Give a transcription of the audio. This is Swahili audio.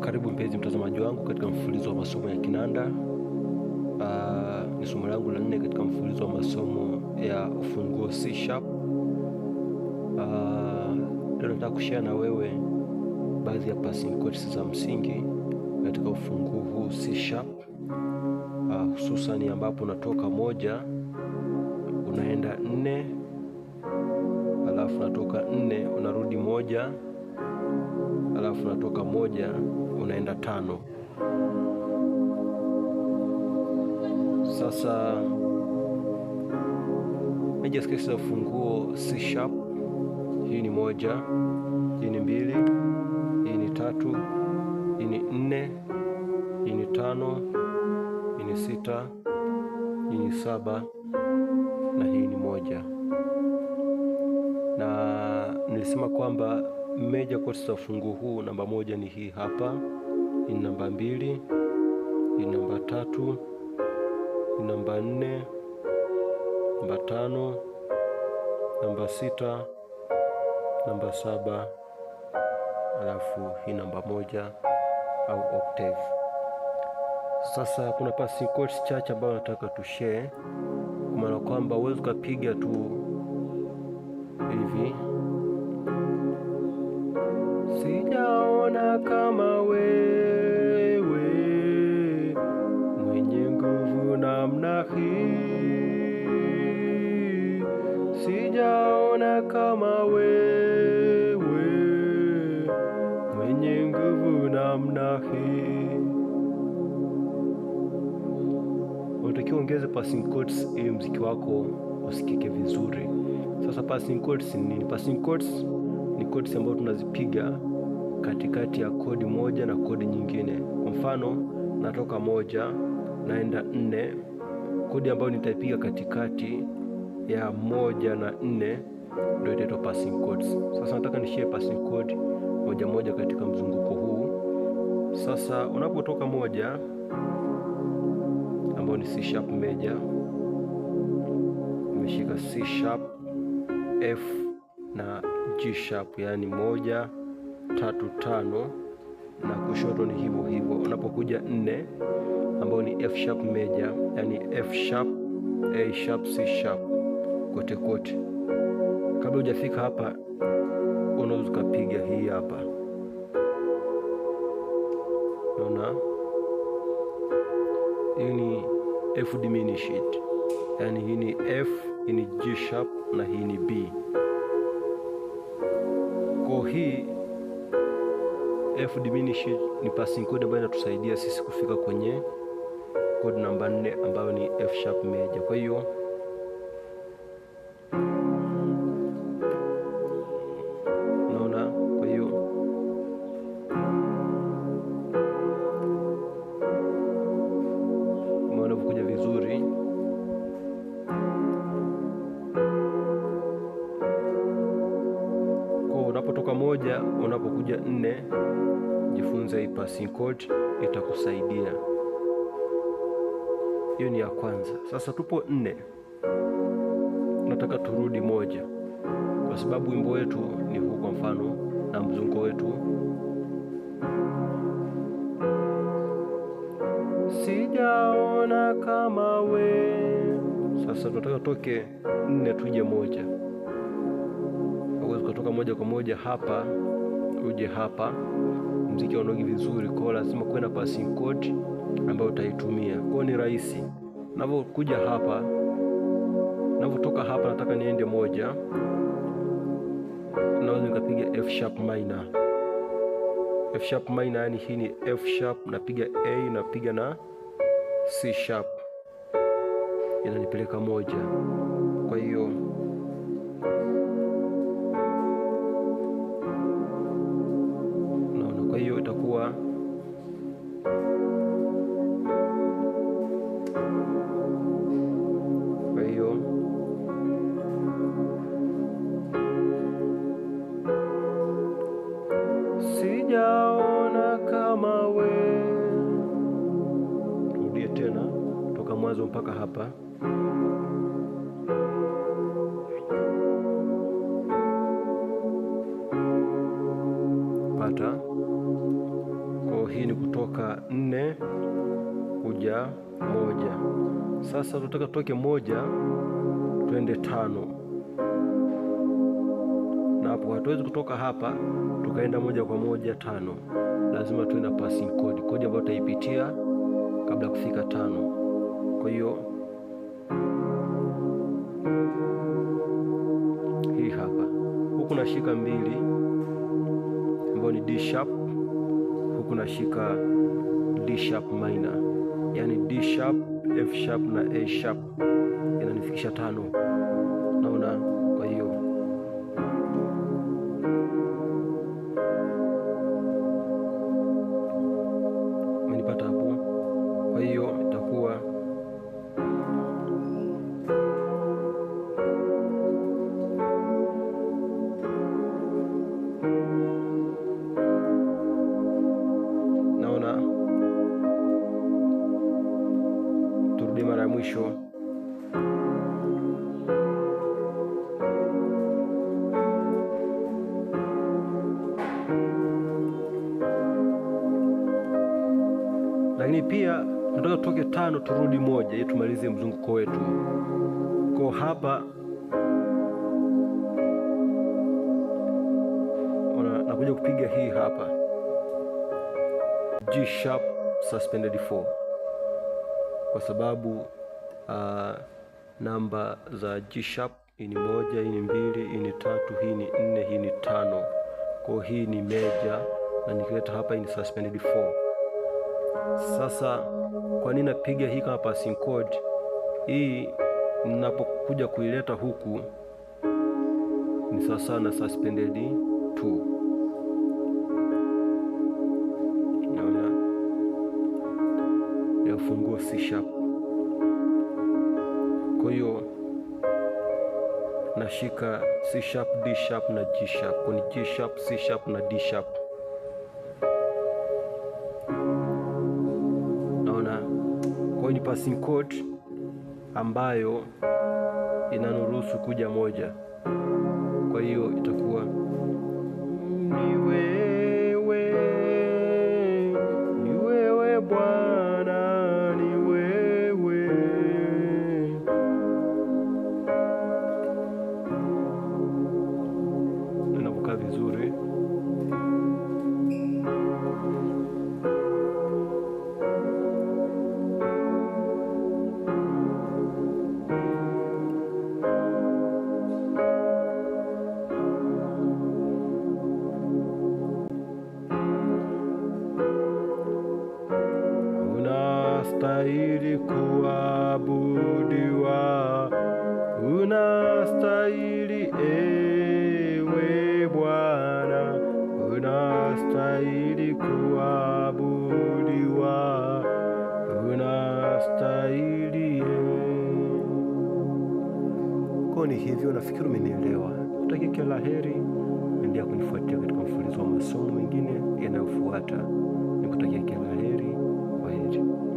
Karibu mpenzi mtazamaji wangu katika mfululizo wa masomo ya kinanda. Uh, ni somo langu la nne katika mfululizo wa masomo ya ufunguo C sharp. Ah, leo nataka kushare na wewe baadhi ya passing chords za msingi katika ufunguo huu C sharp, uh, ah, hususani ambapo unatoka moja unaenda nne, alafu unatoka nne unarudi moja, alafu unatoka moja unaenda tano. Sasa major scales za ufunguo C sharp, hii ni moja, hii ni mbili, hii ni tatu, hii ni nne, hii ni tano, hii ni sita, hii ni saba na hii ni moja, na nilisema kwamba major chords za ufungu huu, namba moja ni hii hapa, ni namba mbili, ni namba tatu, ni namba nne, namba tano, namba sita, namba saba, alafu hii namba moja au octave. Sasa kuna passing chords chache ambayo nataka tushare, kwa maana kwamba uwezi ukapiga tu hivi sijaona kama wewe mwenye nguvu namna hii. Unatakiwa ongeze passing chords ili mziki wako usikike vizuri. Sasa passing chords ni nini? Passing chords ni chords ambazo tunazipiga katikati ya kodi moja na kodi nyingine. Kwa mfano, natoka moja naenda nne kodi ambayo nitaipiga katikati ya moja na nne ndio itaitwa passing codes. Sasa nataka nishie passing code moja moja katika mzunguko huu. Sasa unapotoka moja ambayo ni C sharp major, nimeshika C sharp F na G sharp, yaani moja tatu tano na kushoto ni hivyo hivyo. Unapokuja nne ambayo ni F sharp major, yani F sharp, A sharp, C sharp kote kote. Kabla hujafika hapa, unaweza ukapiga hii hapa, unaona hii ni F diminished, yani hii ni F, hii ni G sharp na hii ni B. Kwa hii F diminished ni passing code ambayo inatusaidia sisi kufika kwenye code namba 4 ambayo ni F sharp major. Kwa hiyo kuja nne, jifunze hii passing chord itakusaidia. Hiyo ni ya kwanza. Sasa tupo nne, nataka turudi moja, kwa sababu wimbo wetu ni huu, kwa mfano na mzunguko wetu sijaona kama we. Sasa tunataka toke nne tuje moja, hauwezi kutoka moja kwa moja hapa uje hapa, mziki unaogi vizuri, kwa lazima kuwe na passing code ambayo utaitumia. Kwa ni rahisi, navyokuja hapa, navyotoka hapa, nataka niende moja, naweza nikapiga F sharp minor, F sharp minor, yani hii ni F sharp, napiga A, napiga na C sharp, inanipeleka moja, kwa hiyo mwanzo mpaka hapa. Pata kwa hii ni kutoka nne kuja moja. Sasa tunataka tutoke moja twende tano, na hapo hatuwezi kutoka hapa tukaenda moja kwa moja tano, lazima tuwe na passing code, kodi ambayo tutaipitia kabla ya kufika tano. Kwa hiyo hii hapa, huku nashika mbili ambayo ni D sharp, huku nashika D sharp minor, yaani D sharp, F sharp na A sharp inanifikisha tano. Naona lakini pia tunataka tutoke tano turudi moja ili tumalize mzunguko wetu. Kwa hapa ona, nakuja kupiga hii hapa G sharp suspended 4 kwa sababu uh, namba za G sharp hii ni moja, hii ni mbili, hii ni tatu, hii ni nne, hii ni tano. Kwa hii ni meja na nikileta hapa hii ni suspended 4. Sasa kwa nini napiga hii kama passing chord? Hii ninapokuja kuileta huku ni sawasawa na suspended 2 naona ya ufunguo C sharp. Kwa hiyo nashika C sharp, D sharp na G sharp, ni G sharp, C sharp na D sharp ni passing code ambayo inanuruhusu kuja moja, kwa hiyo itakuwa niwe unastahili kuabudiwa, unastahili ewe Bwana, unastahili kuabudiwa, unastahili. Kwa ni hivyo, nafikiri umenielewa. Kutakia kila la heri, endelea kunifuatia katika mfululizo wa masomo mengine yanayofuata. Nikutakia kila la heri. Kwa heri.